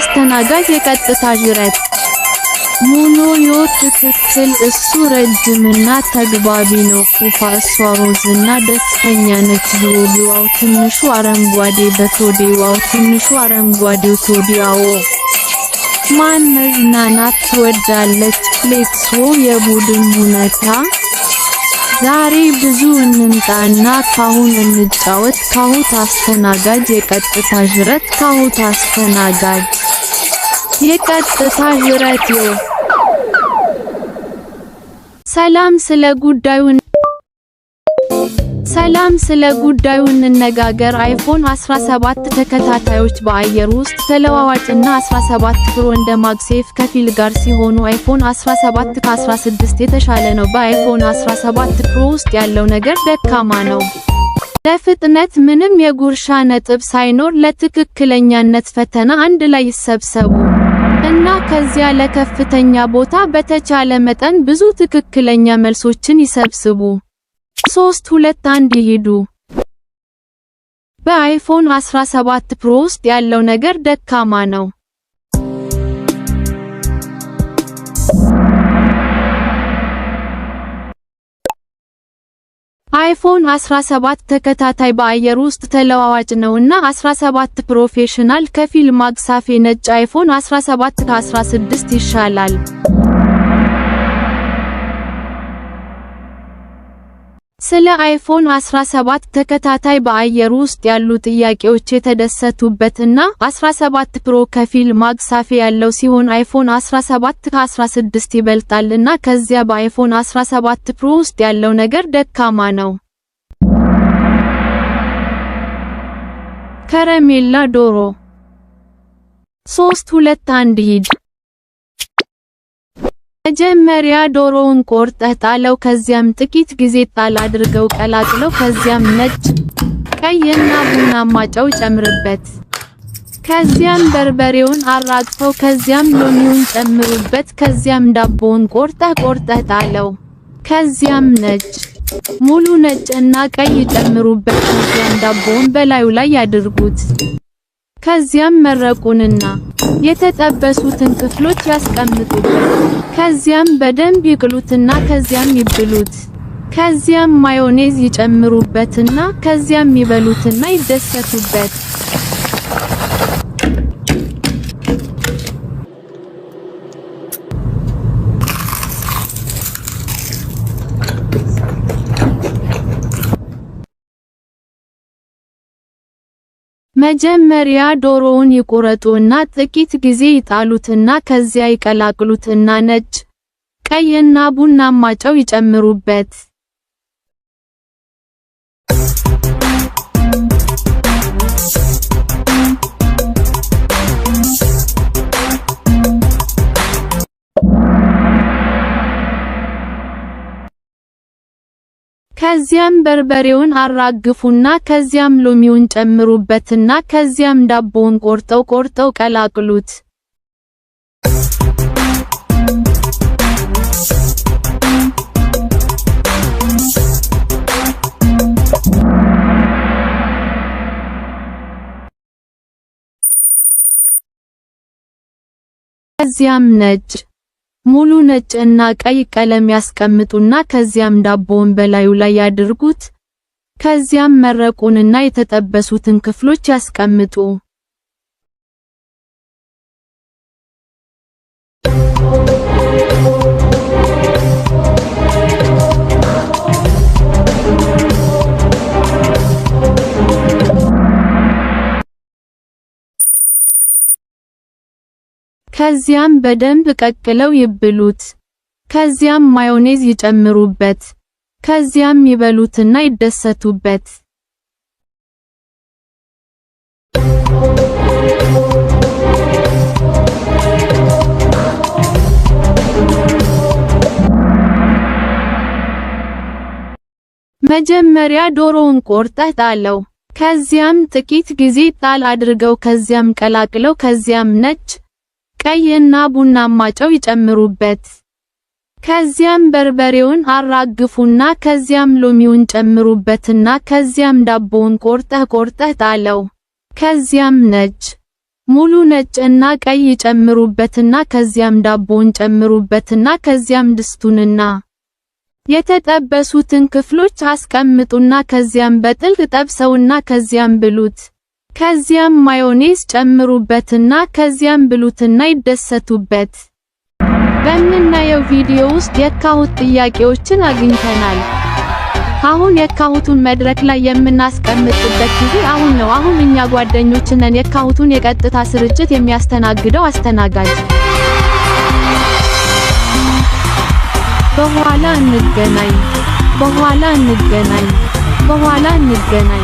አስተናጋጅ የቀጥታ ዥረት ሙኖዮ ትክክል። እሱ ረጅምና ተግባቢ ነው። ኩፋ እሷ ሮዝና ደስተኛ ነች። ዞዲዋው ትንሹ አረንጓዴ በቶዴዋው ትንሹ አረንጓዴው ቶዲያዎ ማን መዝናናት ትወዳለች። ፍሌክሶ የቡድን ሁነታ ዛሬ ብዙ እንምጣና ካሁን እንጫወት። ካሁት አስተናጋጅ የቀጥታ ዥረት ካሁት አስተናጋጅ የቀጥታ ዥረት ሰላም ስለ ጉዳዩን ሰላም ስለ ጉዳዩ እንነጋገር። አይፎን 17 ተከታታዮች በአየር ውስጥ ተለዋዋጭና 17 ፕሮ እንደ ማግሴፍ ከፊል ጋር ሲሆኑ አይፎን 17 ከ16 የተሻለ ነው። በአይፎን 17 ፕሮ ውስጥ ያለው ነገር ደካማ ነው። ለፍጥነት ምንም የጉርሻ ነጥብ ሳይኖር ለትክክለኛነት ፈተና አንድ ላይ ይሰብሰቡ። እና ከዚያ ለከፍተኛ ቦታ በተቻለ መጠን ብዙ ትክክለኛ መልሶችን ይሰብስቡ። 3 2 1 ይሄዱ። በአይፎን 17 ፕሮ ውስጥ ያለው ነገር ደካማ ነው። አይፎን 17 ተከታታይ በአየር ውስጥ ተለዋዋጭ ነውና 17 ፕሮፌሽናል ከፊል ማግሳፌ ነጭ አይፎን 17 ከ16 ይሻላል። ስለ አይፎን 17 ተከታታይ በአየር ውስጥ ያሉ ጥያቄዎች የተደሰቱበት እና 17 ፕሮ ከፊል ማግሳፊ ያለው ሲሆን አይፎን 17 ከ16 ይበልጣል እና ከዚያ በአይፎን 17 ፕሮ ውስጥ ያለው ነገር ደካማ ነው። ከረሜላ ዶሮ 3 2 1 ሂድ መጀመሪያ ዶሮውን ቆርጠህ ጣለው። ከዚያም ጥቂት ጊዜ ጣል አድርገው ቀላቅለው። ከዚያም ነጭ፣ ቀይና ቡናማ ጨው ጨምርበት። ከዚያም በርበሬውን አራጥፈው። ከዚያም ሎሚውን ጨምሩበት። ከዚያም ዳቦውን ቆርጠህ ቆርጠህ ጣለው። ከዚያም ነጭ፣ ሙሉ ነጭ እና ቀይ ጨምሩበት። ከዚያም ዳቦውን በላዩ ላይ ያድርጉት። ከዚያም መረቁንና የተጠበሱትን ክፍሎች ያስቀምጡ ከዚያም በደንብ ይቅሉትና ከዚያም ይብሉት። ከዚያም ማዮኔዝ ይጨምሩበትና ከዚያም ይበሉትና ይደሰቱበት። መጀመሪያ ዶሮውን ይቆረጡና ጥቂት ጊዜ ይጣሉትና ከዚያ ይቀላቅሉትና ነጭ፣ ቀይና ቡናማ ጨው ይጨምሩበት። ከዚያም በርበሬውን አራግፉና ከዚያም ሎሚውን ጨምሩበትና ከዚያም ዳቦውን ቆርጠው ቆርጠው ቀላቅሉት። ከዚያም ነጭ ሙሉ ነጭ እና ቀይ ቀለም ያስቀምጡና ከዚያም ዳቦውን በላዩ ላይ ያድርጉት። ከዚያም መረቁንና የተጠበሱትን ክፍሎች ያስቀምጡ። ከዚያም በደንብ ቀቅለው ይብሉት። ከዚያም ማዮኔዝ ይጨምሩበት። ከዚያም ይበሉትና ይደሰቱበት። መጀመሪያ ዶሮውን ቆርጠህ ጣለው። ከዚያም ጥቂት ጊዜ ጣል አድርገው ከዚያም ቀላቅለው ከዚያም ነጭ ቀይ እና ቡናማ ጨው ይጨምሩበት። ከዚያም በርበሬውን አራግፉና ከዚያም ሎሚውን ጨምሩበትና ከዚያም ዳቦውን ቆርጠህ ቆርጠህ ጣለው። ከዚያም ነጭ ሙሉ ነጭ እና ቀይ ጨምሩበትና ከዚያም ዳቦውን ጨምሩበትና ከዚያም ድስቱንና የተጠበሱትን ክፍሎች አስቀምጡና ከዚያም በጥልቅ ጠብሰውና ከዚያም ብሉት። ከዚያም ማዮኔዝ ጨምሩበትና ከዚያም ብሉትና ይደሰቱበት። በምናየው ቪዲዮ ውስጥ የካሁት ጥያቄዎችን አግኝተናል። አሁን የካሁቱን መድረክ ላይ የምናስቀምጥበት ጊዜ አሁን ነው። አሁን እኛ ጓደኞች ነን። የካሁቱን የቀጥታ ስርጭት የሚያስተናግደው አስተናጋጅ። በኋላ እንገናኝ፣ በኋላ እንገናኝ፣ በኋላ እንገናኝ።